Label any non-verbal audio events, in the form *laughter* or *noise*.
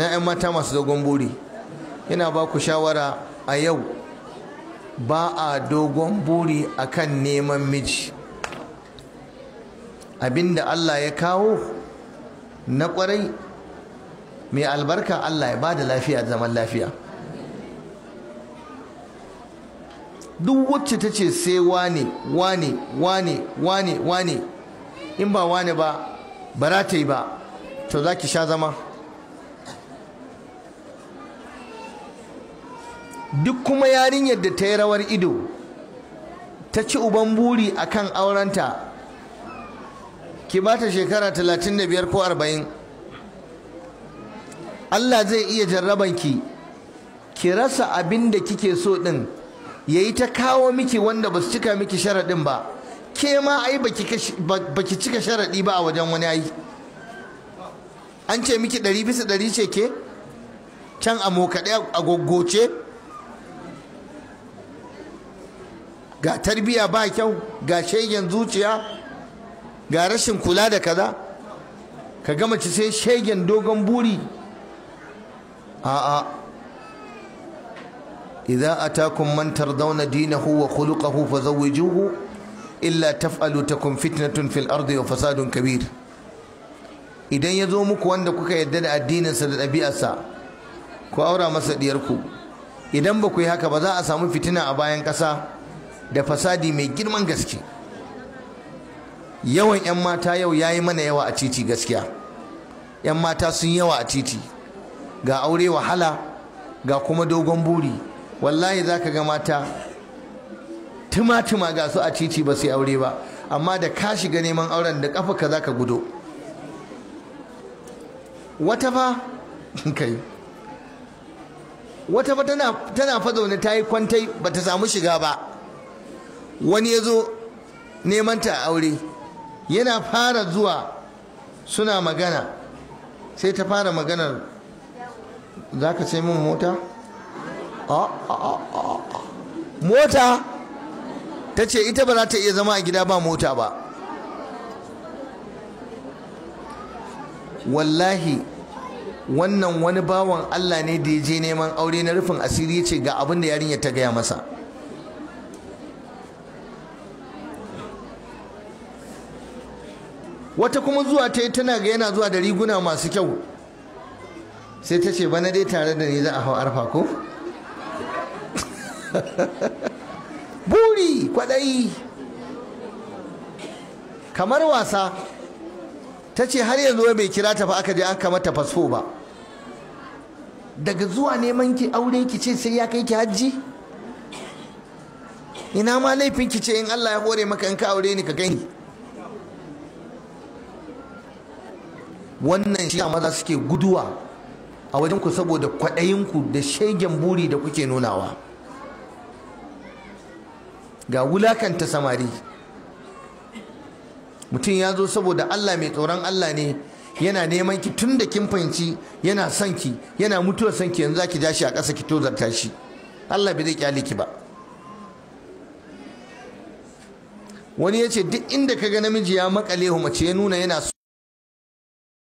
na 'yan mata masu dogon buri yana ba ku shawara a yau ba a dogon buri akan neman miji abinda Allah ya kawo na kwarai mai albarka Allah ya bada lafiya zaman lafiya duk wacce ta ce sai wane wane wane wane wane in ba wane ba ba ta yi ba to za ki sha zama duk kuma yarinyar da ta yi rawar ido ta ci uban buri a kan aurenta ki ba ta shekara 35 ko 40 Allah zai iya jarrabanki ki ki rasa abin da kike so din ya yi ta kawo miki wanda ba su cika miki sharaɗin ba ke ma ai ba ki cika sharaɗi ba a wajen wani ai an ce miki ɗari bisa ɗari ce ke can a mokaɗe a goggoce ga tarbiya ba kyau ga shegen zuciya ga rashin kula da kaza ka gama ci sai shegen dogon buri a'a idza atakum man tardawna dinahu wa khuluquhu fazawwijuhu illa taf'alu takun fitnatun fil ardi wa fasadun kabir idan ya zo muku wanda kuka yarda da addininsa da ɗabi'arsa ku aura masa ɗiyarku idan ba ku yi haka ba za a samu fitina a bayan ƙasa da fasadi mai girman gaske yawan 'yan mata yau ya yi mana yawa a titi gaskiya 'yan mata sun yawa a titi ga aure wahala ga kuma dogon buri wallahi za ka ga mata tumatuma ga su a titi ba su yi aure ba amma da ka shiga neman auren da kafa za ka gudo wata fa *laughs* kai wata fa tana fa zaune ta yi kwantai ba ta samu shiga ba wani ya zo neman ta aure yana fara zuwa suna magana sai ta fara maganar za ka sai min mota? mota ta ce ita ba za ta iya zama a gida ba mota ba wallahi wannan wani bawan Allah ne da ya je neman aure na rufin asiri ce ga abin da yarinya ta gaya masa wata kuma zuwa ta yi tana ga yana zuwa da riguna masu kyau sai ta ce bana dai tare da ni za a hau arfa ko *laughs* buri kwadai kamar wasa ta ce har yanzu bai kira ta fa aka je aka mata fasfo ba daga zuwa neman ki aure ki ce sai ya kai ki hajji ina ma laifin ki ce in Allah ya hore maka in ka aure ni ka gani wannan shi maza suke guduwa a wajenku saboda kwaɗayinku da shegen buri da kuke nunawa ga wulakanta samari mutum ya zo saboda Allah mai tsoron Allah ne yana neman ki tun da kin fahimci yana son ki yana mutuwar son ki yanzu za ki ja shi a ƙasa ki tozarta shi Allah bai zai kyale ki ba wani ya ce duk inda ka ga namiji ya makale mace ya nuna yana